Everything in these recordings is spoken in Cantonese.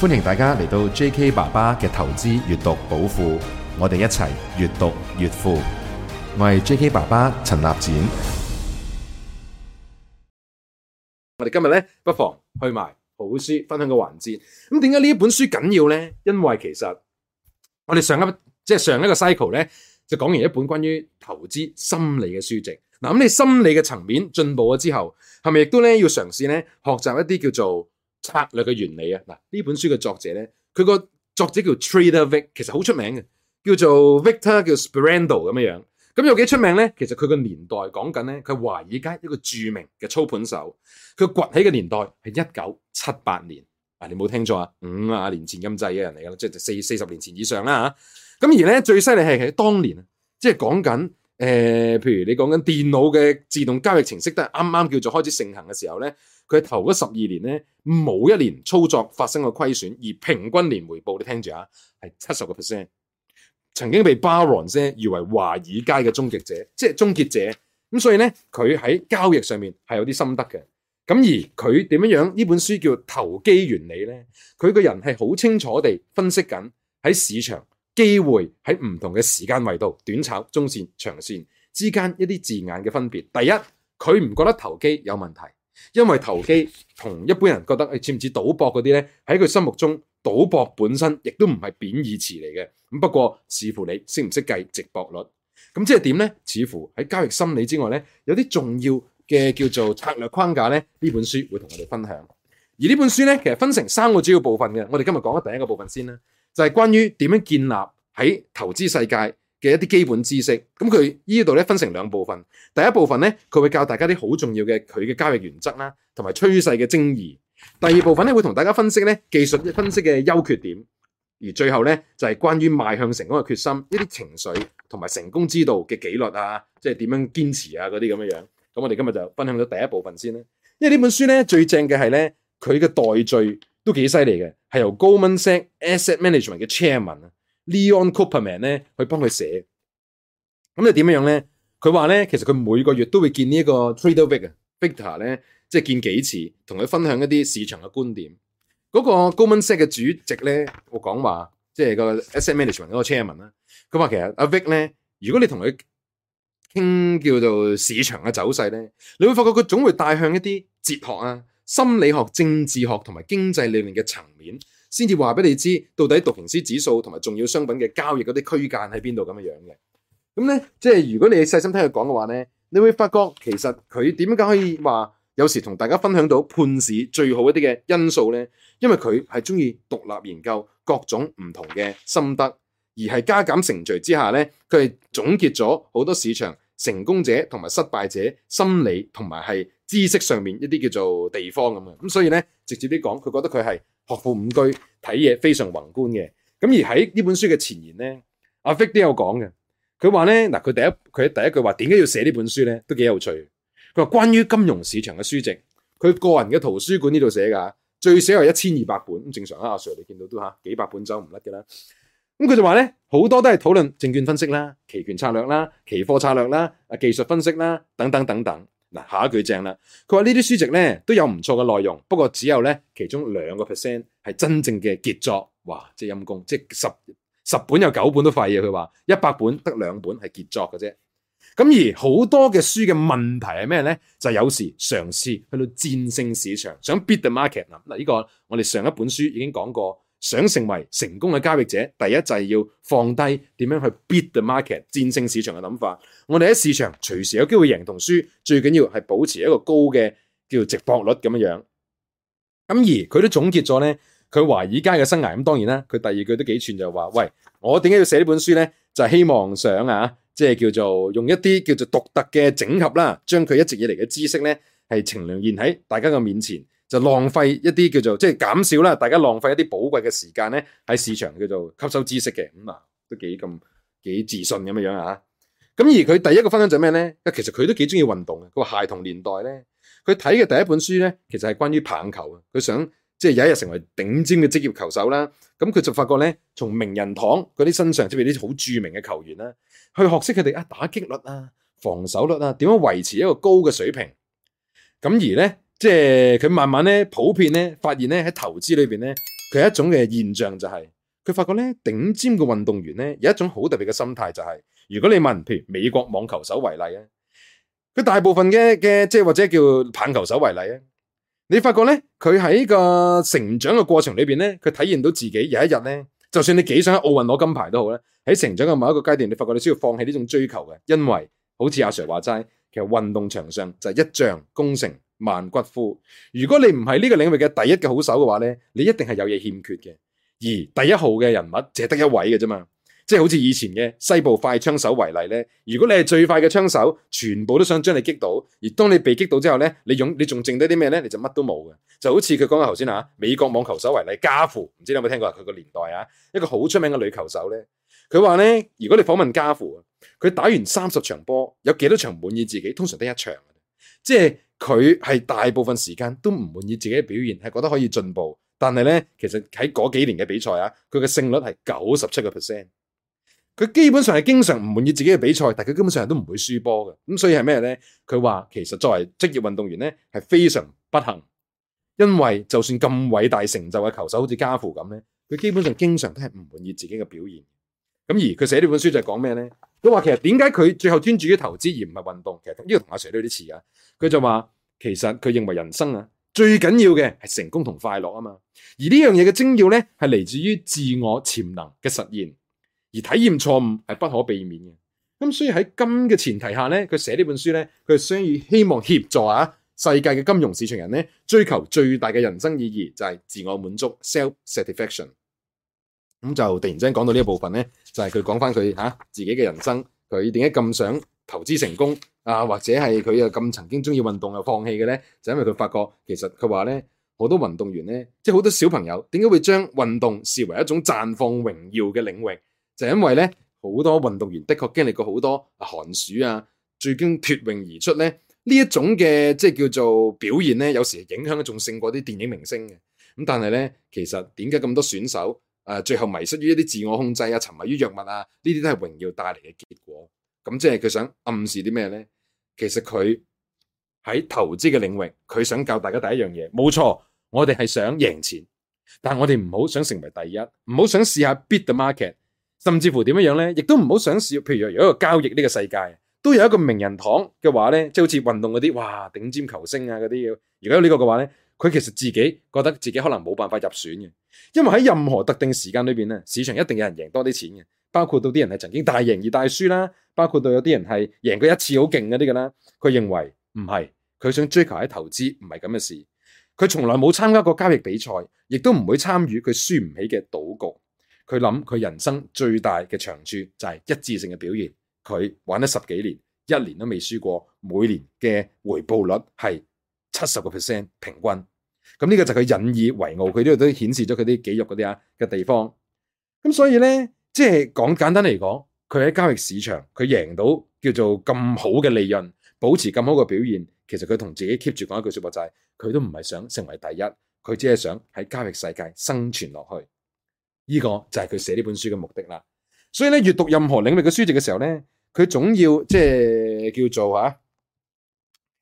歡迎大家嚟到 J.K. 爸爸嘅投資閱讀寶庫，我哋一齊閱讀越富。我係 J.K. 爸爸陳立展。我哋今日咧，不妨去埋好書分享嘅環節。咁點解呢本書緊要呢？因為其實我哋上一即係上一個 cycle 咧，就講完一本關於投資心理嘅書籍。嗱，咁你心理嘅層面進步咗之後，係咪亦都咧要嘗試咧學習一啲叫做？策略嘅原理啊，嗱呢本書嘅作者咧，佢個作者叫 Trader Vic 其實好出名嘅，叫做 Victor 叫 Sperando 咁樣樣。咁有幾出名咧？其實佢個年代講緊咧，佢華爾街一個著名嘅操盤手，佢崛起嘅年代係一九七八年。嗱你冇聽錯啊，五啊年前咁制嘅人嚟噶啦，即係四四十年前以上啦吓。咁而咧最犀利係，喺當年即係講緊。誒、呃，譬如你講緊電腦嘅自動交易程式，都係啱啱叫做開始盛行嘅時候咧，佢頭嗰十二年咧冇一年操作發生過虧損，而平均年回報你聽住啊，係七十個 percent。曾經被 Baron 先譽為華爾街嘅終極者，即係終結者咁，所以咧佢喺交易上面係有啲心得嘅。咁而佢點樣樣呢本書叫《投機原理》呢咧，佢個人係好清楚地分析緊喺市場。機會喺唔同嘅時間維度，短炒、中線、長線之間一啲字眼嘅分別。第一，佢唔覺得投機有問題，因為投機同一般人覺得誒似唔似賭博嗰啲呢，喺佢心目中賭博本身亦都唔係貶義詞嚟嘅。咁不過視乎你識唔識計值博率。咁即係點呢？似乎喺交易心理之外呢，有啲重要嘅叫做策略框架呢。呢本書會同我哋分享。而呢本書呢，其實分成三個主要部分嘅。我哋今日講第一個部分先啦。就係關於點樣建立喺投資世界嘅一啲基本知識。咁佢呢度咧分成兩部分。第一部分咧，佢會教大家啲好重要嘅佢嘅交易原則啦，同埋趨勢嘅爭議。第二部分咧，會同大家分析咧技術分析嘅優缺點。而最後咧，就係關於邁向成功嘅決心，一啲情緒同埋成功之道嘅紀律啊，即係點樣堅持啊嗰啲咁樣樣。咁我哋今日就分享咗第一部分先啦。因為呢本書咧最正嘅係咧佢嘅代序。都幾犀利嘅，係由 Goldman Sachs Asset Management 嘅 Chairman Leon Cooperman 咧去幫佢寫。咁就點樣呢？咧？佢話咧，其實佢每個月都會見、er、Vic, 呢一個 Trader Victor 咧，即、就、係、是、見幾次，同佢分享一啲市場嘅觀點。嗰、那個 Goldman Sachs 嘅主席咧，我講話即係、就是、個 Asset Management 嗰個 Chairman 啦。佢話其實阿 Vic 呢，咧，如果你同佢傾叫做市場嘅走勢咧，你會發覺佢總會帶向一啲哲學啊。心理學、政治學同埋經濟理論嘅層面，先至話俾你知到底讀盤師指數同埋重要商品嘅交易嗰啲區間喺邊度咁嘅樣嘅。咁咧，即係如果你細心聽佢講嘅話咧，你會發覺其實佢點解可以話有時同大家分享到判市最好一啲嘅因素咧？因為佢係中意獨立研究各種唔同嘅心得，而係加減乘除之下咧，佢係總結咗好多市場成功者同埋失敗者心理同埋係。知識上面一啲叫做地方咁嘅，咁所以咧，直接啲講，佢覺得佢係學富五車，睇嘢非常宏觀嘅。咁而喺呢本書嘅前言咧，阿 Vic 都有講嘅。佢話咧嗱，佢第一佢喺第一句話點解要寫呢本書咧，都幾有趣。佢話關於金融市場嘅書籍，佢個人嘅圖書館呢度寫㗎，最少有一千二百本咁正常啦。阿、啊、Sir 你見到都下，幾百本就唔甩㗎啦。咁佢就話咧好多都係討論證券分析啦、期權策略啦、期貨策略啦、啊技術分析啦等等等等。嗱，下一句正啦，佢話呢啲書籍咧都有唔錯嘅內容，不過只有咧其中兩個 percent 係真正嘅傑作，哇！真係陰功，即係十十本有九本都廢嘢。佢話一百本得兩本係傑作嘅啫。咁而好多嘅書嘅問題係咩咧？就係有時嘗試去到戰勝市場，想 beat the market 嗱，嗱呢個我哋上一本書已經講過。想成為成功嘅交易者，第一就係要放低點樣去 beat the market，戰勝市場嘅諗法。我哋喺市場隨時有機會贏同輸，最緊要係保持一個高嘅叫做值博率咁樣樣。咁、嗯、而佢都總結咗咧，佢華爾街嘅生涯。咁當然啦，佢第二句都幾串就話、是：，喂，我點解要寫呢本書咧？就係、是、希望想啊，即係叫做用一啲叫做獨特嘅整合啦，將佢一直以嚟嘅知識咧，係呈亮現喺大家嘅面前。就浪費一啲叫做即係減少啦，大家浪費一啲寶貴嘅時間咧，喺市場叫做吸收知識嘅咁、嗯、啊，都幾咁幾自信咁樣樣啊！咁而佢第一個分享就係咩咧？其實佢都幾中意運動嘅。佢孩童年代咧，佢睇嘅第一本書咧，其實係關於棒球。佢想即係、就是、有一日成為頂尖嘅職業球手啦。咁佢就發覺咧，從名人堂嗰啲身上，即係啲好著名嘅球員啦，去學識佢哋啊打擊率啊、防守率啊，點樣維持一個高嘅水平。咁而咧。即係佢慢慢咧，普遍咧，發現咧喺投資裏邊咧，佢一種嘅現象就係、是，佢發覺咧頂尖嘅運動員咧有一種好特別嘅心態、就是，就係如果你問，譬如美國網球手為例啊，佢大部分嘅嘅即係或者叫棒球手為例啊，你發覺咧佢喺個成長嘅過程裏邊咧，佢體現到自己有一日咧，就算你幾想喺奧運攞金牌都好咧，喺成長嘅某一個階段，你發覺你需要放棄呢種追求嘅，因為好似阿 Sir 話齋，其實運動場上就係一仗功成。萬骨枯，如果你唔係呢個領域嘅第一嘅好手嘅話咧，你一定係有嘢欠缺嘅。而第一號嘅人物只係得一位嘅啫嘛。即係好似以前嘅西部快槍手為例咧，如果你係最快嘅槍手，全部都想將你擊倒。而當你被擊倒之後咧，你用你仲剩低啲咩咧？你就乜都冇嘅。就好似佢講嘅頭先吓，美國網球手為例，加父唔知你有冇聽過？佢個年代啊，一個好出名嘅女球手咧，佢話咧，如果你訪問加父啊，佢打完三十場波，有幾多場滿意自己？通常得一場，即係。佢係大部分時間都唔滿意自己嘅表現，係覺得可以進步，但係咧，其實喺嗰幾年嘅比賽啊，佢嘅勝率係九十七個 percent，佢基本上係經常唔滿意自己嘅比賽，但佢根本上都唔會輸波嘅。咁所以係咩咧？佢話其實作為職業運動員咧，係非常不幸，因為就算咁偉大成就嘅球手，好似家父咁咧，佢基本上經常都係唔滿意自己嘅表現。咁而佢寫呢本書就係講咩咧？佢話其實點解佢最後專注於投資而唔係運動？其實呢個同阿 Sir 都有啲似啊。佢就話其實佢認為人生啊最緊要嘅係成功同快樂啊嘛。而呢樣嘢嘅精要咧係嚟自於自我潛能嘅實現，而體驗錯誤係不可避免嘅。咁所以喺今嘅前提下咧，佢寫呢本書咧，佢想以希望協助啊世界嘅金融市場人咧追求最大嘅人生意義，就係、是、自我滿足 （self satisfaction）。咁就突然間講到呢一部分呢，就係佢講翻佢吓自己嘅人生，佢點解咁想投資成功啊？或者係佢又咁曾經中意運動又放棄嘅呢？就因為佢發覺，其實佢話呢，好多運動員呢，即係好多小朋友點解會將運動視為一種綻放榮耀嘅領域？就因為呢，好多運動員的確經歷過好多寒暑啊，最終脫穎而出呢，呢一種嘅即係叫做表現呢，有時影響仲勝過啲電影明星嘅。咁但係呢，其實點解咁多選手？誒，最後迷失於一啲自我控制啊，沉迷於藥物啊，呢啲都係榮耀帶嚟嘅結果。咁即係佢想暗示啲咩咧？其實佢喺投資嘅領域，佢想教大家第一樣嘢，冇錯，我哋係想贏錢，但係我哋唔好想成為第一，唔好想試下 beat the market，甚至乎點樣樣咧，亦都唔好想試。譬如如果一個交易呢個世界，都有一個名人堂嘅話咧，即係好似運動嗰啲，哇頂尖球星啊嗰啲嘢。如果有呢個嘅話咧。佢其實自己覺得自己可能冇辦法入選嘅，因為喺任何特定時間裏邊咧，市場一定有人贏多啲錢嘅。包括到啲人係曾經大贏而大輸啦，包括到有啲人係贏過一次好勁嗰啲㗎啦。佢認為唔係，佢想追求喺投資唔係咁嘅事。佢從來冇參加過交易比賽，亦都唔會參與佢輸唔起嘅賭局。佢諗佢人生最大嘅長處就係一致性嘅表現。佢玩咗十幾年，一年都未輸過，每年嘅回報率係七十個 percent 平均，咁呢個就佢引以為傲，佢呢度都顯示咗佢啲肌肉嗰啲啊嘅地方。咁所以咧，即係講簡單嚟講，佢喺交易市場，佢贏到叫做咁好嘅利潤，保持咁好嘅表現，其實佢同自己 keep 住講一句說話就係，佢都唔係想成為第一，佢只係想喺交易世界生存落去。呢個就係佢寫呢本書嘅目的啦。所以咧，閱讀任何領域嘅書籍嘅時候咧，佢總要即係叫做、啊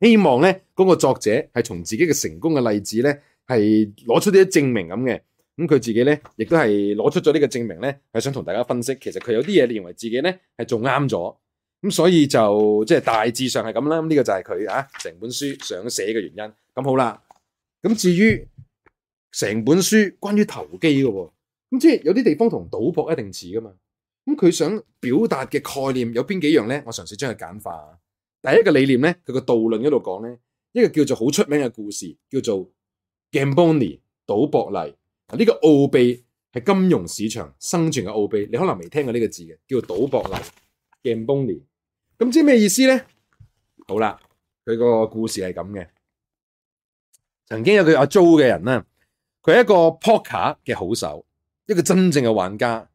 希望咧，嗰、那個作者係從自己嘅成功嘅例子咧，係攞出呢啲證明咁嘅。咁佢自己咧，亦都係攞出咗呢個證明咧，係想同大家分析。其實佢有啲嘢你認為自己咧係做啱咗。咁所以就即係大致上係咁啦。咁呢個就係佢啊成本書想寫嘅原因。咁好啦。咁至於成本書關於投機嘅，咁即係有啲地方同賭博一定似噶嘛。咁佢想表達嘅概念有邊幾樣咧？我嘗試將佢簡化。第一個理念呢，佢個導論嗰度講呢，一個叫做好出名嘅故事，叫做 Gamboni 賭博例。呢、這個奧秘係金融市場生存嘅奧秘，你可能未聽過呢個字嘅，叫做賭博例 Gamboni 咁知咩意思呢？好啦，佢個故事係咁嘅。曾經有個阿 Joe 嘅人呢佢係一個,個 Poker 嘅好手，一個真正嘅玩家。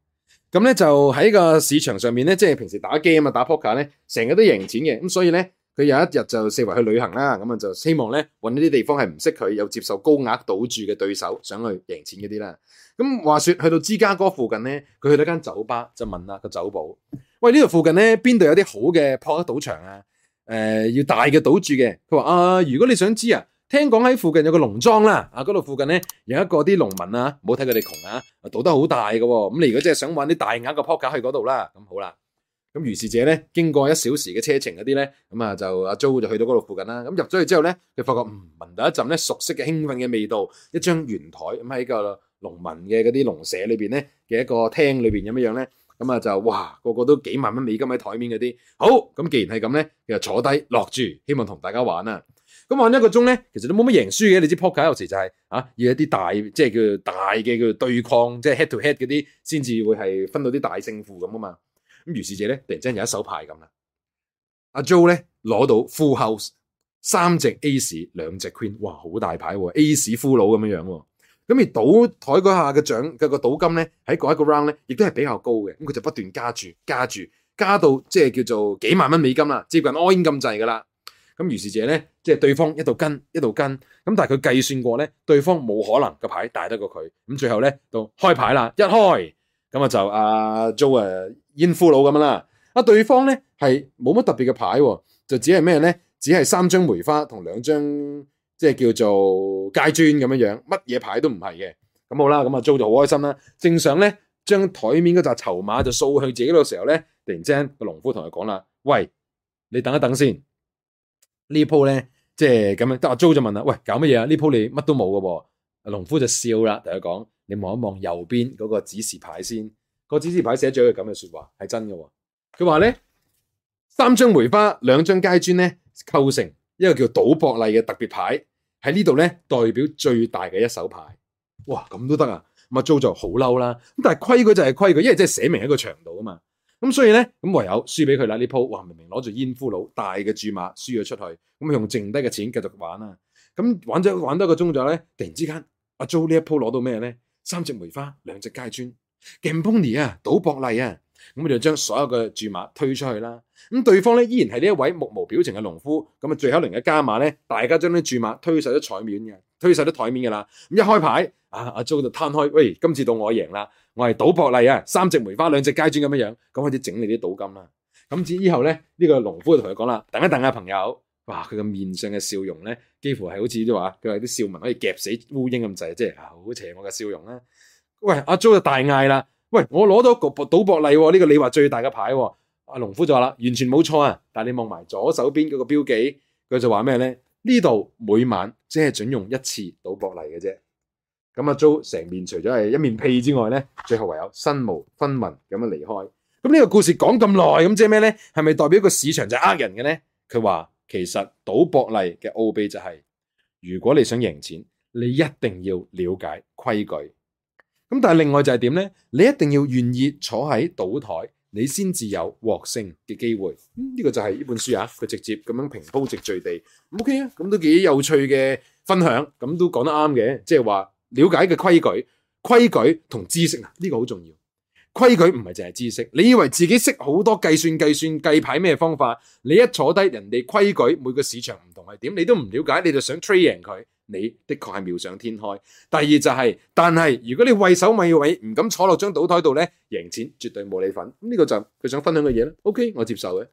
咁咧就喺個市場上面咧，即係平時打機啊嘛，打 poker 咧，成日都贏錢嘅。咁所以咧，佢有一日就四圍去旅行啦。咁啊，就希望咧，搵呢啲地方係唔識佢，又接受高額賭注嘅對手，想去贏錢嗰啲啦。咁話說去到芝加哥附近咧，佢去到間酒吧就問啦個酒保：喂，呢度附近咧邊度有啲好嘅撲克賭場啊？誒、呃，要大嘅賭注嘅。佢話啊，如果你想知啊。聽講喺附近有個農莊啦，啊，嗰度附近咧有一個啲農民啦，唔好睇佢哋窮啊，賭得好大嘅，咁你如果真係想玩啲大額嘅撲克去嗰度啦，咁好啦，咁於是者咧經過一小時嘅車程嗰啲咧，咁啊就阿 Joe 就去到嗰度附近啦，咁入咗去之後咧，佢發覺嗯聞到一陣咧熟悉嘅興奮嘅味道，一張圓台咁喺個農民嘅嗰啲農舍裏邊咧嘅一個廳裏邊咁樣樣咧。咁啊就哇個個都幾萬蚊美金喺台面嗰啲，好咁既然係咁咧，其實坐低落住，希望同大家玩啊。咁玩一個鐘咧，其實都冇乜贏輸嘅。你知 Poker 有時就係、是、啊，要一啲大即係叫大嘅叫對抗，即係 head to head 嗰啲，先至會係分到啲大勝負咁啊嘛。咁如是者咧，突然之間有一手牌咁啦。阿、啊、Joe 咧攞到 full house，三隻 A 士兩隻 Queen，哇好大牌喎、啊、A 士骷髏咁樣樣、啊。咁而賭台嗰下嘅獎個賭金咧，喺嗰一個 round 咧，亦都係比較高嘅。咁佢就不斷加住、加住、加到即係叫做幾萬蚊美金啦，接近 all in 咁滯噶啦。咁於是者咧，即係對方一度跟一度跟，咁但係佢計算過咧，對方冇可能個牌大得過佢。咁最後咧就開牌啦，一開咁啊就阿 Joe 誒、啊、煙夫佬咁樣啦。啊對方咧係冇乜特別嘅牌，就只係咩咧？只係三張梅花同兩張。即係叫做街磚咁樣樣，乜嘢牌都唔係嘅。咁好啦，咁阿租就好開心啦。正想咧，將台面嗰紮籌碼就掃去自己度嘅時候咧，突然之間個農夫同佢講啦喂，你等一等先。這呢鋪咧，即係咁樣。得阿租就問啦喂，搞乜嘢啊？呢鋪你乜都冇嘅喎。農夫就笑啦，大家講你望一望右邊嗰個指示牌先。那個指示牌寫咗句咁嘅説話，係真嘅、啊。佢話咧三張梅花，兩張街磚咧，構成一個叫賭博麗嘅特別牌。喺呢度咧代表最大嘅一手牌，哇咁都得啊！咁阿 Jo 就好嬲啦，咁但係規矩就係規矩，因為即係寫明喺個長度啊嘛，咁所以咧咁唯有輸俾佢啦呢鋪，話明明拿夫？攞住煙夫佬大嘅注碼輸咗出去，咁啊用剩低嘅錢繼續玩啊！咁玩咗玩多一個鐘咗咧，突然之間阿 Jo 呢一鋪攞到咩咧？三隻梅花，兩隻街磚，Gamponi 啊，賭博麗啊！咁佢就將所有嘅注碼推出去啦。咁對方咧依然係呢一位目無表情嘅農夫。咁啊最後輪嘅加碼咧，大家將啲注碼推晒咗台面嘅，推晒咗台面噶啦。咁一開牌，啊阿 jo 就攤開，喂，今次到我贏啦，我係賭博嚟啊，三隻梅花，兩隻街磚咁樣樣。咁開始整理啲賭金啦。咁之後咧呢、呢個農夫就同佢講啦，等一等啊，朋友。哇，佢嘅面上嘅笑容咧，幾乎係好似啲係話，佢話啲笑紋可以夾死烏蠅咁滯，即係啊好邪惡嘅笑容啦。喂，阿、啊、jo 就大嗌啦。喂，我攞到個賭博利，呢、這個你話最大嘅牌。阿、啊、農夫就話啦，完全冇錯啊！但係你望埋左手邊嗰個標記，佢就話咩呢？呢度每晚只係准用一次賭博利嘅啫。咁阿 Joe 成面除咗係一面屁之外呢，最後唯有身無分文咁樣離開。咁、嗯、呢、這個故事講咁耐，咁即係咩呢？係咪代表一個市場就呃人嘅呢？佢話其實賭博利嘅奧秘就係、是，如果你想贏錢，你一定要了解規矩。.咁但係另外就係點呢？你一定要願意坐喺賭台，你先至有獲勝嘅機會。呢、嗯這個就係呢本書、OK、啊，佢直接咁樣平鋪直敘地。OK 啊，咁都幾有趣嘅分享，咁都講得啱嘅，即係話了解嘅規矩、規矩同知識啊，呢個好重要。規矩唔係淨係知識，你以為自己識好多計算、計算計牌咩方法？你一坐低，人哋規矩每個市場唔同係點，你都唔了解，你就想 trade 贏佢。你的確係妙想天開。第二就係、是，但係如果你畏首畏尾，尾，唔敢坐落張賭台度咧，贏錢絕對冇你份。咁、這、呢個就佢想分享嘅嘢啦。OK，我接受嘅。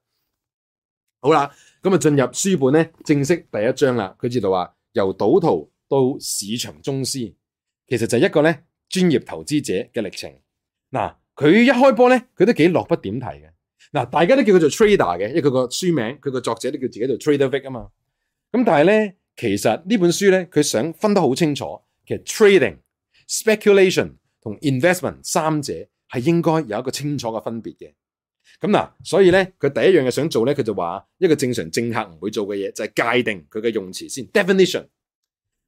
好啦，咁啊進入書本咧，正式第一章啦。佢知道話由賭徒到市場宗師，其實就係一個咧專業投資者嘅歷程。嗱，佢一開波咧，佢都幾落筆點題嘅。嗱，大家都叫佢做 Trader 嘅，因為佢個書名，佢個作者都叫自己做 Trader Vic 啊嘛。咁但係咧。其實呢本書咧，佢想分得好清楚，其實 trading、speculation 同 investment 三者係應該有一個清楚嘅分別嘅。咁嗱，所以咧，佢第一樣嘢想做咧，佢就話一個正常政客唔會做嘅嘢，就係界定佢嘅用詞先 definition。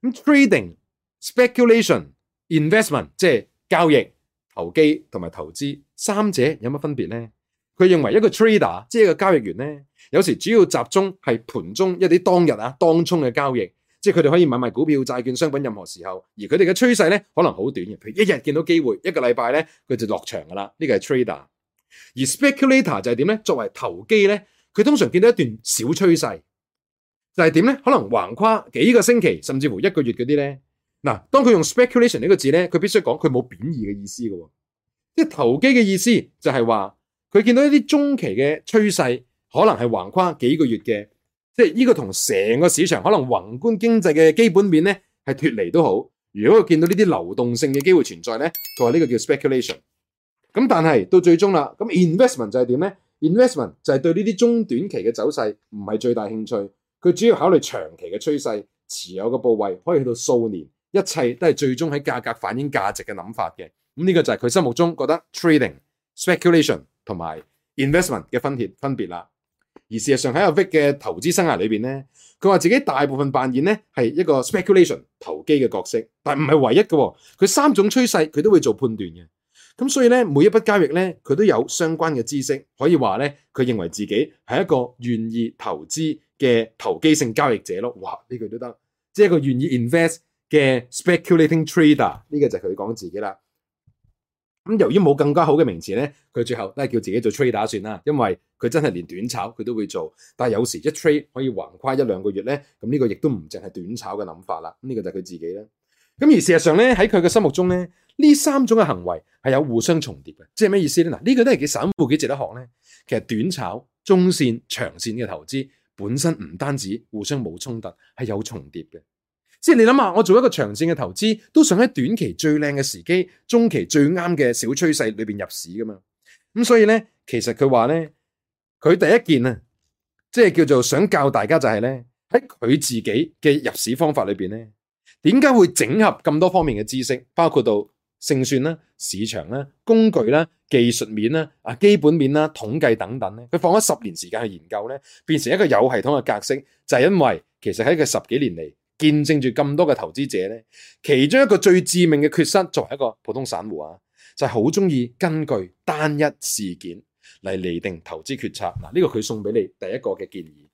咁 trading、speculation、investment 即係交易、投機同埋投資三者有乜分別咧？佢認為一個 trader 即係一個交易員咧，有時主要集中係盤中一啲當日啊，當沖嘅交易，即係佢哋可以買賣股票、債券、商品，任何時候，而佢哋嘅趨勢咧可能好短嘅，譬如一日見到機會，一個禮拜咧佢就落場噶啦。這是 er，是呢個係 trader，而 speculator 就係點咧？作為投機咧，佢通常見到一段小趨勢，就係點咧？可能橫跨幾個星期，甚至乎一個月嗰啲咧。嗱，當佢用 speculation 呢個字咧，佢必須講佢冇貶義嘅意思噶，即係投機嘅意思就係話。佢見到一啲中期嘅趨勢，可能係橫跨幾個月嘅，即係呢個同成個市場可能宏觀經濟嘅基本面咧係脫離都好。如果佢見到呢啲流動性嘅機會存在咧，佢話呢個叫 speculation。咁但係到最終啦，咁 invest investment 就係點咧？investment 就係對呢啲中短期嘅走勢唔係最大興趣，佢主要考慮長期嘅趨勢，持有嘅部位可以去到數年，一切都係最終喺價格反映價值嘅諗法嘅。咁呢個就係佢心目中覺得 trading、speculation。同埋 investment 嘅分別分別啦，而事實上喺阿 Vick 嘅投資生涯裏邊咧，佢話自己大部分扮演咧，係一個 speculation 投機嘅角色，但唔係唯一嘅，佢三種趨勢佢都會做判斷嘅，咁所以咧，每一筆交易咧，佢都有相關嘅知識，可以話咧，佢認為自己係一個願意投資嘅投機性交易者咯，哇呢句都得，即係一個願意 invest 嘅 speculating trader 呢個就係佢講自己啦。咁由於冇更加好嘅名詞咧，佢最後都係叫自己做 trader 打算啦，因為佢真係連短炒佢都會做，但係有時一 trade 可以橫跨一兩個月咧，咁呢個亦都唔淨係短炒嘅諗法啦，咁呢個就係佢自己啦。咁而事實上咧喺佢嘅心目中咧，呢三種嘅行為係有互相重疊嘅，即係咩意思咧？嗱，呢個都係幾散戶幾值得學咧？其實短炒、中線、長線嘅投資本身唔單止互相冇衝突，係有重疊嘅。即係你諗下，我做一個長線嘅投資，都想喺短期最靚嘅時機、中期最啱嘅小趨勢裏邊入市噶嘛？咁所以咧，其實佢話咧，佢第一件啊，即係叫做想教大家就係咧，喺佢自己嘅入市方法裏邊咧，點解會整合咁多方面嘅知識，包括到勝算啦、市場啦、工具啦、技術面啦、啊、基本面啦、統計等等咧？佢放咗十年時間去研究咧，變成一個有系統嘅格式，就係因為其實喺佢十幾年嚟見證住咁多嘅投資者呢，其中一個最致命嘅缺失，作為一個普通散戶啊，就係好中意根據單一事件嚟釐定投資決策。嗱，呢個佢送俾你第一個嘅建議。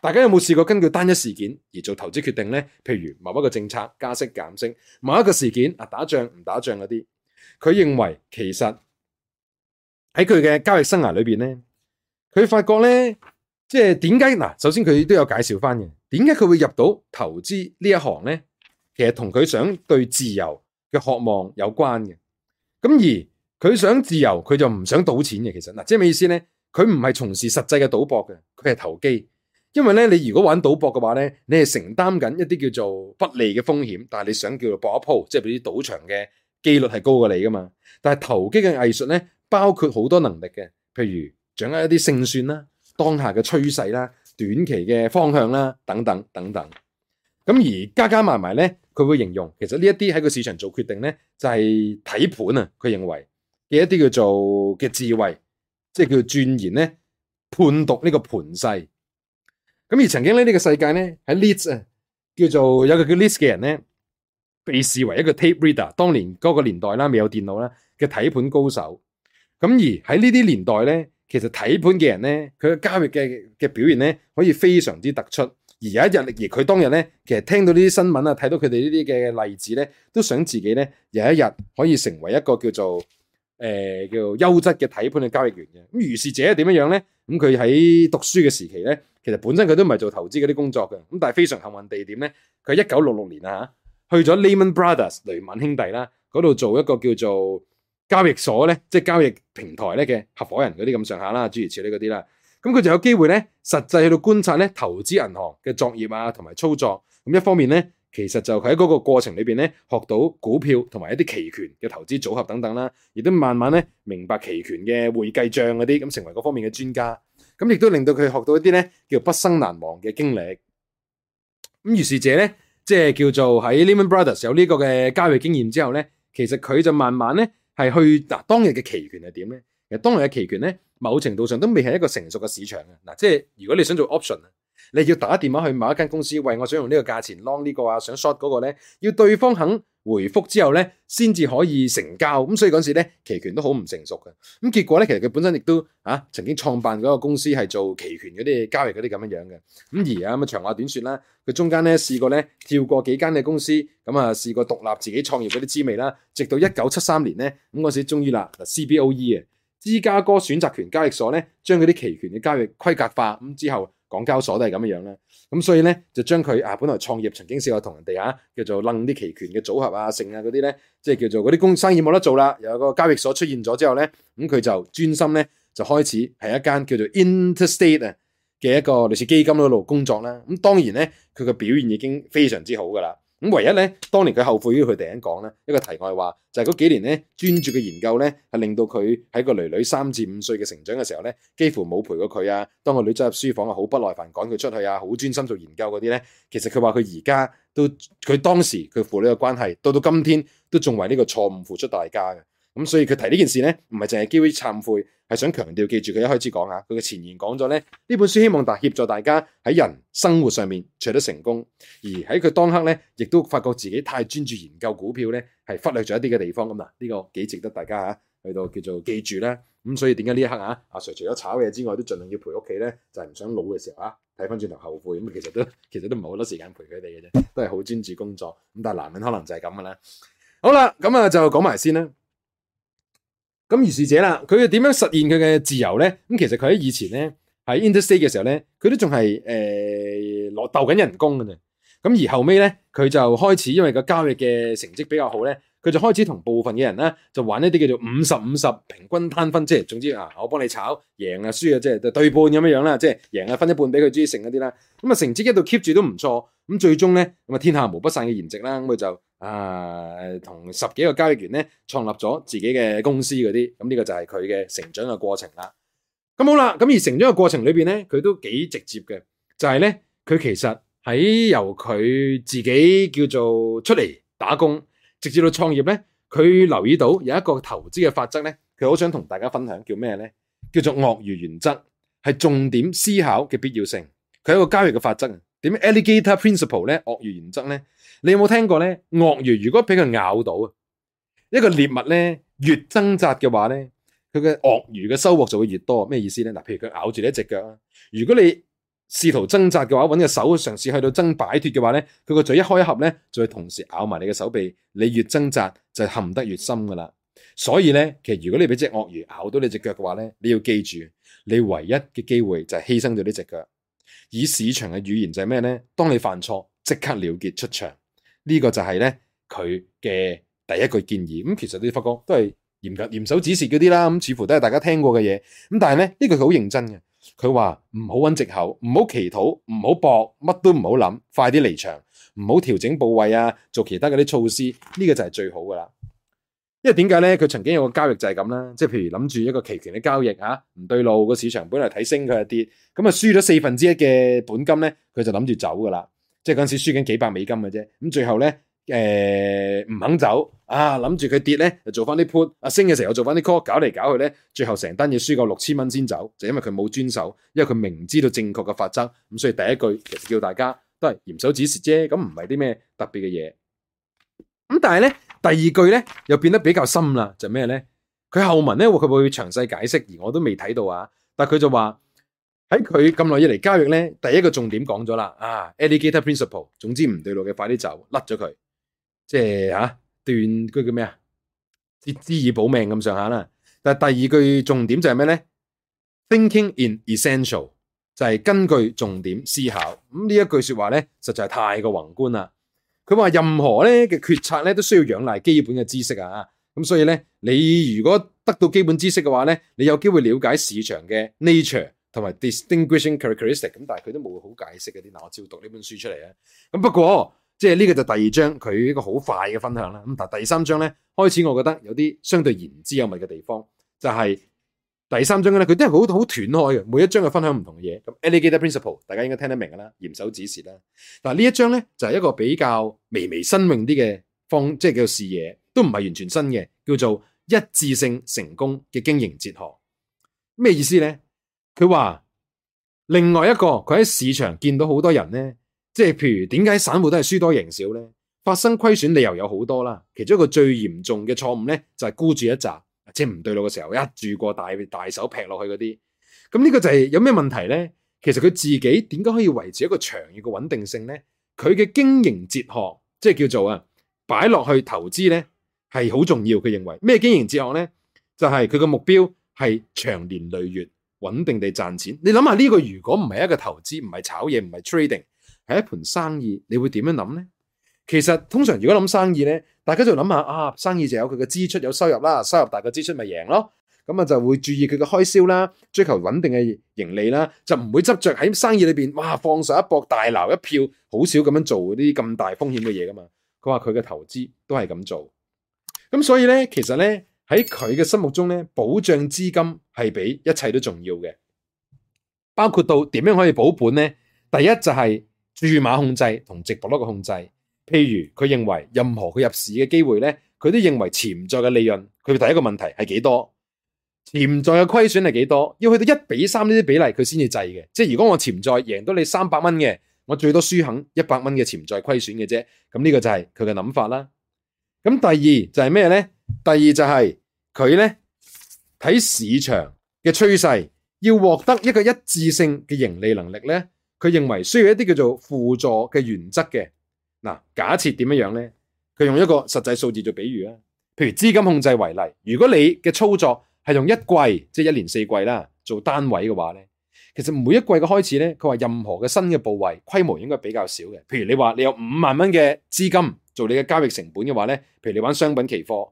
大家有冇試過根據單一事件而做投資決定呢？譬如，某一個政策加息減息，某一個事件啊，打仗唔打仗嗰啲，佢認為其實喺佢嘅交易生涯裏邊呢，佢發覺呢，即係點解嗱？首先佢都有介紹翻嘅。點解佢會入到投資呢一行呢？其實同佢想對自由嘅渴望有關嘅。咁而佢想自由，佢就唔想賭錢嘅。其實嗱，即係咩意思呢？佢唔係從事實際嘅賭博嘅，佢係投機。因為咧，你如果玩賭博嘅話咧，你係承擔緊一啲叫做不利嘅風險。但係你想叫做搏一鋪，即係俾啲賭場嘅機率係高過你㗎嘛。但係投機嘅藝術咧，包括好多能力嘅，譬如掌握一啲勝算啦、當下嘅趨勢啦。短期嘅方向啦，等等等等。咁而加加埋埋咧，佢會形容其實呢一啲喺個市場做決定咧，就係睇盤啊。佢認為嘅一啲叫做嘅智慧，即係叫做鑽研咧判讀呢個盤勢。咁而曾經咧呢個世界咧喺 list 啊，叫做有個叫 list 嘅人咧，被視為一個 tape reader。當年嗰個年代啦，未有電腦啦嘅睇盤高手。咁而喺呢啲年代咧。其實睇盤嘅人咧，佢嘅交易嘅嘅表現咧，可以非常之突出。而有一日，而佢當日咧，其實聽到呢啲新聞啊，睇到佢哋呢啲嘅例子咧，都想自己咧有一日可以成為一個叫做誒、呃、叫做優質嘅睇盤嘅交易員嘅。咁如是者係點樣樣咧？咁佢喺讀書嘅時期咧，其實本身佢都唔係做投資嗰啲工作嘅。咁但係非常幸運地點咧，佢一九六六年啊去咗 Lehman Brothers 雷曼兄弟啦嗰度做一個叫做。交易所咧，即係交易平台咧嘅合伙人嗰啲咁上下啦，諸如此類嗰啲啦。咁佢就有機會咧，實際去到觀察咧投資銀行嘅作業啊，同埋操作。咁一方面咧，其實就喺嗰個過程裏邊咧，學到股票同埋一啲期權嘅投資組合等等啦。亦都慢慢咧明白期權嘅會計帳嗰啲，咁成為嗰方面嘅專家。咁亦都令到佢學到一啲咧叫畢生難忘嘅經歷。咁於是者咧，即係叫做喺 Lemon Brothers 有呢個嘅交易經驗之後咧，其實佢就慢慢咧。係去嗱，當日嘅期權係點咧？其實當日嘅期權呢，某程度上都未係一個成熟嘅市場。即係如果你想做 option 你要打電話去某一間公司，為我想用呢個價錢 long 呢個啊，想 short 嗰個呢，要對方肯。回覆之後咧，先至可以成交，咁、嗯、所以嗰陣時咧，期權都好唔成熟嘅。咁、嗯、結果咧，其實佢本身亦都啊曾經創辦嗰個公司係做期權嗰啲交易嗰啲咁樣樣嘅。咁、嗯、而啊咁啊長話短説啦，佢中間咧試過咧跳過幾間嘅公司，咁啊試過獨立自己創業嗰啲滋味啦。直到一九七三年咧，咁嗰時終於啦，CBOE 啊芝加哥選擇權交易所咧將嗰啲期權嘅交易規格化，咁、嗯、之後。港交所都係咁樣樣啦，咁所以咧就將佢啊本來創業曾經試過同人哋啊叫做掹啲期權嘅組合啊剩啊嗰啲咧，即係叫做嗰啲公生意冇得做啦。有一個交易所出現咗之後咧，咁、嗯、佢就專心咧就開始係一間叫做 Interstate 啊嘅一個類似基金嗰度工作啦。咁、嗯、當然咧佢嘅表現已經非常之好噶啦。咁唯一咧，當年佢後悔於佢突然講咧一個題外話，就係、是、嗰幾年咧專注嘅研究咧，係令到佢喺個女女三至五歲嘅成長嘅時候咧，幾乎冇陪過佢啊。當個女仔入書房啊，好不耐煩趕佢出去啊，好專心做研究嗰啲咧。其實佢話佢而家都，佢當時佢父女嘅關係，到到今天都仲為呢個錯誤付出代價嘅。咁所以佢提呢件事咧，唔係淨係基於懺悔。係想強調，記住佢一開始講啊，佢嘅前言講咗咧，呢本書希望大協助大家喺人生活上面取得成功。而喺佢當刻咧，亦都發覺自己太專注研究股票咧，係忽略咗一啲嘅地方。咁嗱，呢個幾值得大家嚇、啊、去到叫做記住啦。咁所以點解呢一刻啊，阿、啊、Sir 除咗炒嘢之外，都盡量要陪屋企咧，就係、是、唔想老嘅時候啊，睇返轉頭後悔。咁其實都其實都唔係好多時間陪佢哋嘅啫，都係好專注工作。咁但係男人可能就係咁嘅啦。好啦，咁啊就講埋先啦。咁如是者啦，佢又點樣實現佢嘅自由咧？咁其實佢喺以前咧，喺 Interstate 嘅時候咧，佢都仲係誒攞鬥緊人工嘅啫。咁而後屘咧，佢就開始因為個交易嘅成績比較好咧，佢就開始同部分嘅人咧，就玩一啲叫做五十五十平均攤分，即係總之啊，我幫你炒贏啊，輸、就、啊、是，即係對半咁樣啦，即係贏啊，分一半俾佢啲剩一啲啦。咁啊，成績一度 keep 住都唔錯。咁最終咧，咁啊天下無不散嘅筵席啦，咁佢就。啊，同十幾個交易員咧創立咗自己嘅公司嗰啲，咁呢個就係佢嘅成長嘅過程啦。咁好啦，咁而成長嘅過程裏面咧，佢都幾直接嘅，就係咧佢其實喺由佢自己叫做出嚟打工，直至到創業咧，佢留意到有一個投資嘅法則咧，佢好想同大家分享叫咩咧？叫做鱷魚原則，係重點思考嘅必要性，佢係一個交易嘅法則點樣 Alligator Principle 咧？鱷魚原則咧？你有冇聽過咧？鱷魚如果俾佢咬到啊，一個獵物咧越掙扎嘅話咧，佢嘅鱷魚嘅收穫就會越多。咩意思咧？嗱，譬如佢咬住你一隻腳啊，如果你試圖掙扎嘅話，搵個手嘗試去到掙擺脱嘅話咧，佢個嘴一開一合咧，就會同時咬埋你嘅手臂。你越掙扎就陷得越深噶啦。所以咧，其實如果你俾隻鱷魚咬到你隻腳嘅話咧，你要記住，你唯一嘅機會就係犧牲咗呢隻腳。以市場嘅語言就係咩咧？當你犯錯，即刻了結出場。呢個就係咧佢嘅第一句建議。咁其實啲法官都係嚴格嚴守指示嗰啲啦。咁似乎都係大家聽過嘅嘢。咁但係咧呢個好認真嘅。佢話唔好揾藉口，唔好祈禱，唔好搏，乜都唔好諗，快啲離場，唔好調整部位啊，做其他嗰啲措施。呢、呢個就係最好噶啦。因為點解咧？佢曾經有一個交易就係咁啦。即係譬如諗住一個期權嘅交易嚇，唔對路個市場本來看，本嚟睇升佢一跌，咁啊輸咗四分之一嘅本金咧，佢就諗住走噶啦。即係嗰陣時輸緊幾百美金嘅啫，咁最後咧，誒唔肯走啊，諗住佢跌咧就做翻啲 put，啊升嘅時候做翻啲 call，搞嚟搞去咧，最後成單嘢輸夠六千蚊先走，就因為佢冇遵守，因為佢明知道正確嘅法則，咁所以第一句其實叫大家都係嚴守指示啫，咁唔係啲咩特別嘅嘢，咁但係咧第二句咧又變得比較深啦，就咩、是、咧？佢後文咧佢會詳細解釋，而我都未睇到啊，但佢就話。喺佢咁耐以嚟交易咧，第一個重點講咗啦，啊，Alligator Principle，總之唔對路嘅快啲就甩咗佢，即係嚇斷句叫咩啊？知以保命咁上下啦。但第二句重點就係咩咧？Thinking in essential 就係根據重點思考。咁、嗯、呢一句說話咧，實在太過宏觀啦。佢話任何咧嘅決策咧都需要仰賴基本嘅知識啊。咁所以咧，你如果得到基本知識嘅話咧，你有機會了解市場嘅 nature。同埋 distinguishing characteristic，咁但係佢都冇好解釋嗰啲。嗱，我照讀呢本書出嚟啊。咁不過，即係呢個就是第二章佢一個好快嘅分享啦。咁但係第三章咧，開始我覺得有啲相對言之有物嘅地方，就係、是、第三章咧，佢真係好好斷開嘅。每一章嘅分享唔同嘅嘢。咁 Alligator Principle 大家應該聽得明噶啦，嚴守指示啦。嗱呢一章咧就係、是、一個比較微微新穎啲嘅方，即係叫視野，都唔係完全新嘅，叫做一致性成功嘅經營哲學。咩意思咧？佢話另外一個佢喺市場見到好多人呢，即係譬如點解散戶都係輸多贏少呢？發生虧損理由有好多啦，其中一個最嚴重嘅錯誤呢，就係孤注一擲，即係唔對路嘅時候一注過大大手劈落去嗰啲。咁呢個就係有咩問題呢？其實佢自己點解可以維持一個長遠嘅穩定性呢？佢嘅經營哲學即係叫做啊，擺落去投資呢，係好重要。佢認為咩經營哲學呢？就係佢嘅目標係長年累月。穩定地賺錢，你諗下呢個如果唔係一個投資，唔係炒嘢，唔係 trading，係一盤生意，你會點樣諗呢？其實通常如果諗生意呢，大家就諗下啊，生意就有佢嘅支出有收入啦，收入大過支出咪贏咯，咁啊就會注意佢嘅開銷啦，追求穩定嘅盈利啦，就唔會執着喺生意裏邊哇放上一搏大撈一票，好少咁樣做呢啲咁大風險嘅嘢噶嘛。佢話佢嘅投資都係咁做，咁所以呢，其實呢，喺佢嘅心目中呢，保障資金。係比一切都重要嘅，包括到點樣可以保本咧？第一就係注碼控制同值博率嘅控制。譬如佢認為任何佢入市嘅機會咧，佢都認為潛在嘅利潤，佢第一個問題係幾多？潛在嘅虧損係幾多？要去到一比三呢啲比例佢先至制嘅。即係如果我潛在贏到你三百蚊嘅，我最多輸肯一百蚊嘅潛在虧損嘅啫。咁呢個就係佢嘅諗法啦。咁第二就係咩咧？第二就係佢咧，睇市場嘅趨勢，要獲得一個一致性嘅盈利能力咧，佢認為需要一啲叫做輔助嘅原則嘅。嗱，假設點樣樣咧，佢用一個實際數字做比喻啊，譬如資金控制為例，如果你嘅操作係用一季，即係一年四季啦，做單位嘅話咧，其實每一季嘅開始咧，佢話任何嘅新嘅部位規模應該比較少嘅。譬如你話你有五萬蚊嘅資金做你嘅交易成本嘅話咧，譬如你玩商品期貨，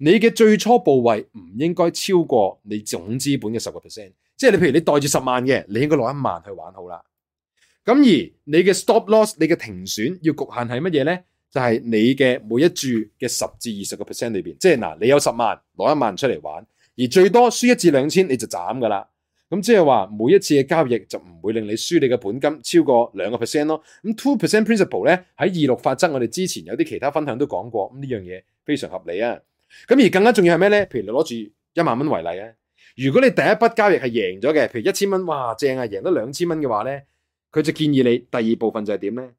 你嘅最初部位唔應該超過你總資本嘅十個 percent，即係你譬如你袋住十萬嘅，你應該攞一萬去玩好啦。咁而你嘅 stop loss，你嘅停損要局限係乜嘢咧？就係你嘅每一注嘅十至二十個 percent 裏邊，即係嗱，你有十萬，攞一萬出嚟玩，而最多輸一至兩千你就斬噶啦。咁即係話每一次嘅交易就唔會令你輸你嘅本金超過兩個 percent 咯。咁 two percent principle 咧喺二六法則，我哋之前有啲其他分享都講過，咁呢樣嘢非常合理啊。咁而更加重要係咩咧？譬如你攞住一萬蚊為例咧，如果你第一筆交易係贏咗嘅，譬如一千蚊，哇正啊，贏咗兩千蚊嘅話咧，佢就建議你第二部分就係點咧？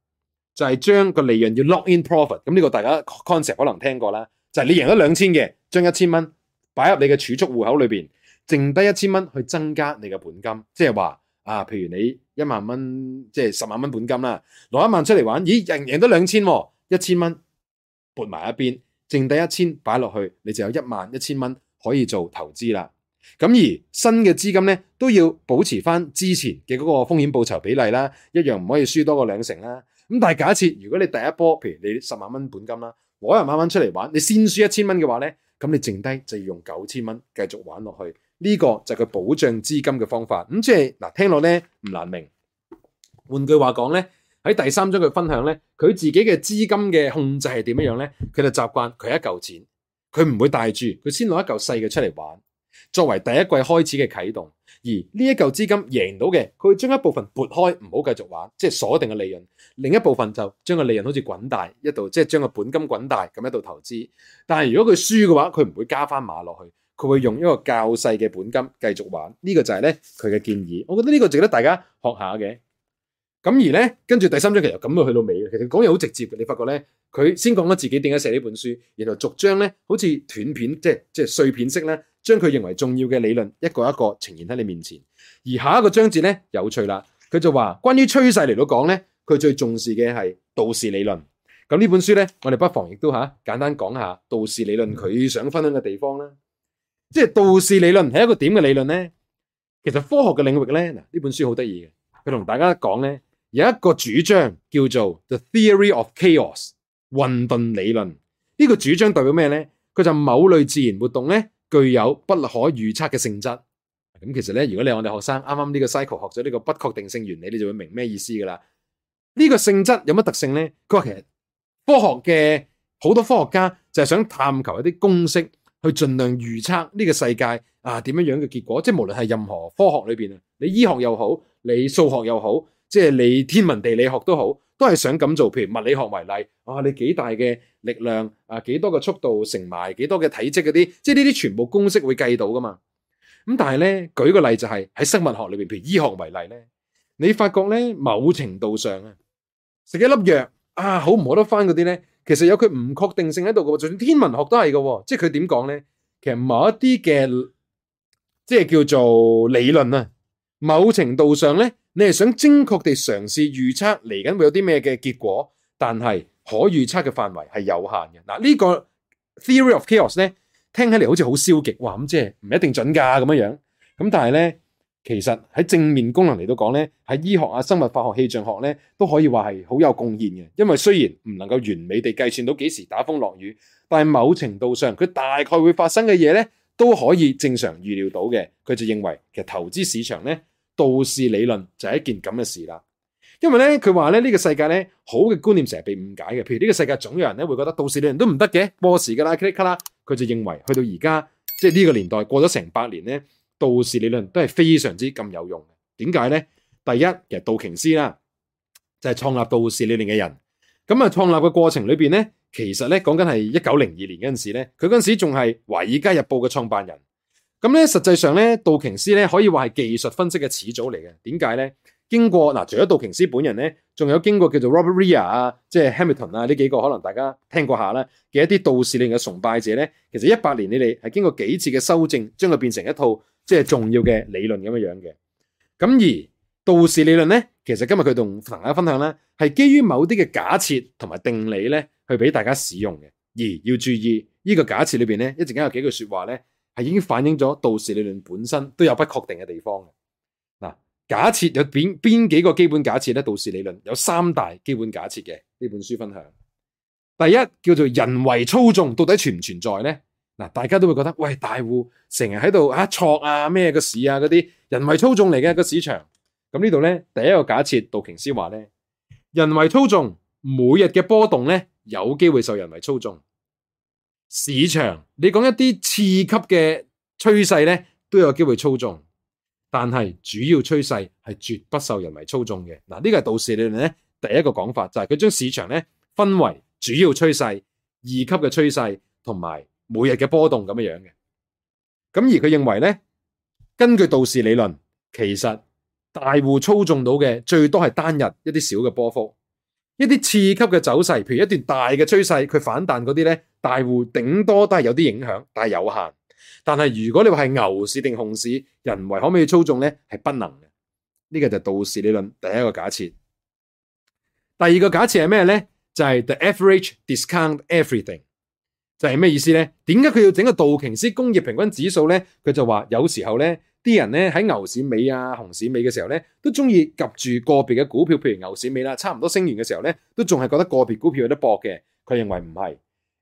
就係、是、將個利潤要 lock in profit。咁呢個大家 concept 可能聽過啦，就係、是、你贏咗兩千嘅，將一千蚊擺入你嘅儲蓄戶口裏邊，剩低一千蚊去增加你嘅本金，即係話啊，譬如你一萬蚊，即係十萬蚊本金啦，攞一萬出嚟玩，咦，贏贏咗兩千，啊，一千蚊撥埋一邊。剩低一千擺落去，你就有一萬一千蚊可以做投資啦。咁而新嘅資金咧都要保持翻之前嘅嗰個風險報酬比例啦，一樣唔可以輸多過兩成啦。咁但係假設如果你第一波，譬如你十萬蚊本金啦，攞一萬蚊出嚟玩，你先輸一千蚊嘅話咧，咁你剩低就要用九千蚊繼續玩落去。呢個就係佢保障資金嘅方法。咁即係嗱，聽落咧唔難明。換句話講咧。喺第三章佢分享咧，佢自己嘅資金嘅控制係點樣樣咧？佢就習慣佢一嚿錢，佢唔會帶住，佢先攞一嚿細嘅出嚟玩，作為第一季開始嘅啟動。而呢一嚿資金贏到嘅，佢會將一部分撥開，唔好繼續玩，即係鎖定嘅利潤，另一部分就將個利潤好似滾大，一度即係將個本金滾大咁一度投資。但係如果佢輸嘅話，佢唔會加翻碼落去，佢會用一個較細嘅本金繼續玩。呢個就係咧佢嘅建議。我覺得呢個值得大家學下嘅。咁而咧，跟住第三章其實咁就去到尾，其實講嘢好直接嘅。你發覺咧，佢先講咗自己點解寫呢本書，然後逐章咧，好似斷片，即係即係碎片式咧，將佢認為重要嘅理論一個一個呈現喺你面前。而下一個章節咧有趣啦，佢就話關於趨勢嚟到講咧，佢最重視嘅係道氏理論。咁呢本書咧，我哋不妨亦都吓簡單講下道氏理論佢想分享嘅地方啦。即係道氏理論係一個點嘅理論咧？其實科學嘅領域咧，嗱呢本書好得意嘅，佢同大家講咧。有一個主張叫做 The Theory of Chaos 混沌理論。呢、呢個主張代表咩呢？佢就是某類自然活動呢，具有不可預測嘅性質。咁、嗯、其實呢，如果你是我哋學生啱啱呢個 cycle 學咗呢個不確定性原理，你就會明咩意思噶啦。呢、呢個性質有乜特性呢？佢話其實科學嘅好多科學家就係想探求一啲公式，去盡量預測呢個世界啊點樣樣嘅結果。即係無論係任何科學裏邊啊，你醫學又好，你數學又好。即係你天文地理學都好，都係想咁做。譬如物理學為例，啊，你幾大嘅力量啊，幾多個速度乘埋，幾多嘅體積嗰啲，即係呢啲全部公式會計到噶嘛？咁但係咧，舉個例就係、是、喺生物學裏邊，譬如醫學為例咧，你發覺咧，某程度上啊，食一粒藥啊，好唔好得翻嗰啲咧，其實有佢唔確定性喺度噶。就算天文學都係喎，即係佢點講咧？其實某一啲嘅，即係叫做理論啊，某程度上咧。你係想精確地嘗試預測嚟緊會有啲咩嘅結果，但係可預測嘅範圍係有限嘅。嗱，呢個 Theory of Chaos 咧，聽起嚟好似好消極，哇！咁即係唔一定準㗎咁樣樣。咁但係咧，其實喺正面功能嚟到講咧，喺醫學啊、生物化學、氣象學咧，都可以話係好有貢獻嘅。因為雖然唔能夠完美地計算到幾時打風落雨，但係某程度上，佢大概會發生嘅嘢咧，都可以正常預料到嘅。佢就認為其實投資市場咧。道氏理論就係一件咁嘅事啦，因為咧佢話咧呢，呢、呢個世界咧好嘅觀念成日被誤解嘅，譬如呢個世界總有人咧會覺得道氏理論都唔得嘅，波士噶啦，click 啦，佢就認為去到而家即係呢個年代過咗成百年咧，道氏理論都係非常之咁有用嘅。點解咧？第一其實道瓊斯啦就係、是、創立道氏理論嘅人，咁啊創立嘅過程裏邊咧，其實咧講緊係一九零二年嗰陣時咧，佢嗰陣時仲係華爾街日報嘅創辦人。咁咧，實際上咧，道瓊斯咧可以話係技術分析嘅始祖嚟嘅。點解咧？經過嗱，除咗道瓊斯本人咧，仲有經過叫做 Robert Ria 啊，即係 Hamilton 啊呢幾個，可能大家聽過下啦嘅一啲道士理論嘅崇拜者咧，其實一百年以嚟係經過幾次嘅修正，將佢變成一套即係重要嘅理論咁樣樣嘅。咁而道士理論咧，其實今日佢同大家分享咧，係基於某啲嘅假設同埋定理咧，去俾大家使用嘅。而要注意呢個假設裏邊咧，一陣間有幾句說話咧，已經反映咗道氏理論本身都有不確定嘅地方嘅。嗱，假設有邊邊幾個基本假設咧？道氏理論有三大基本假設嘅，呢本書分享。第一叫做人為操縱，到底存唔存在呢？嗱，大家都會覺得喂，大戶成日喺度啊，錯啊咩個市啊嗰啲人為操縱嚟嘅，那個市場。咁呢度呢，第一個假設道瓊斯話呢，人為操縱每日嘅波動呢，有機會受人為操縱。市場你講一啲次級嘅趨勢咧，都有機會操縱，但係主要趨勢係絕不受人為操縱嘅。嗱，呢個係道氏理論咧第一個講法，就係佢將市場咧分為主要趨勢、二級嘅趨勢同埋每日嘅波動咁樣樣嘅。咁而佢認為咧，根據道氏理論，其實大戶操縱到嘅最多係單日一啲小嘅波幅。一啲次級嘅走勢，譬如一段大嘅趨勢，佢反彈嗰啲咧，大戶頂多都係有啲影響，但係有限。但係如果你話係牛市定熊市，人為可唔可以操縱咧？係不能嘅。呢個就係道氏理論第一個假設。第二個假設係咩咧？就係 the average discount everything，就係咩意思咧？點解佢要整個道瓊斯工業平均指數咧？佢就話有時候咧。啲人咧，喺牛市尾啊、熊市尾嘅時候咧，都中意及住個別嘅股票，譬如牛市尾啦、啊，差唔多升完嘅時候咧，都仲係覺得個別股票有得搏嘅。佢認為唔係